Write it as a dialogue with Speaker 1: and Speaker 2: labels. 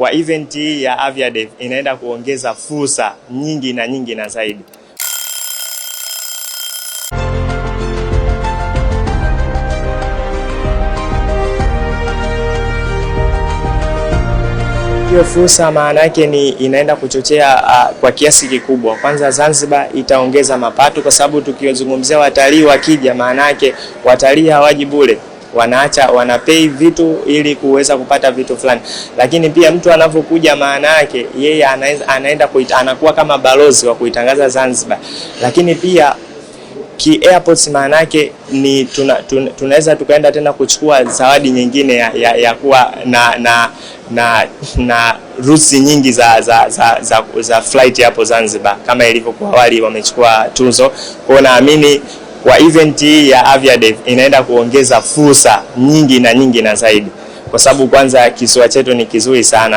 Speaker 1: kwa event hii ya AviaDev inaenda kuongeza fursa nyingi na nyingi na zaidi.
Speaker 2: Hiyo fursa maana yake ni inaenda kuchochea uh, kwa kiasi kikubwa. Kwanza Zanzibar itaongeza mapato, kwa sababu tukizungumzia watalii wakija, maana yake watalii hawaji bure wanaacha wanapei vitu ili kuweza kupata vitu fulani, lakini pia mtu anavyokuja, maana yake yeye anaenda, kuita, anakuwa kama balozi wa kuitangaza Zanzibar, lakini pia ki airports maana yake ni tuna, tuna, tunaweza tukaenda tena kuchukua zawadi nyingine ya, ya, ya kuwa na, na, na, na rusi nyingi za, za, za, za, za flight hapo Zanzibar kama ilivyokuwa awali wamechukua tuzo. Kwa naamini kwa event hii ya Avia inaenda kuongeza fursa nyingi na nyingi na zaidi, kwa sababu kwanza kisiwa chetu ni kizuri sana.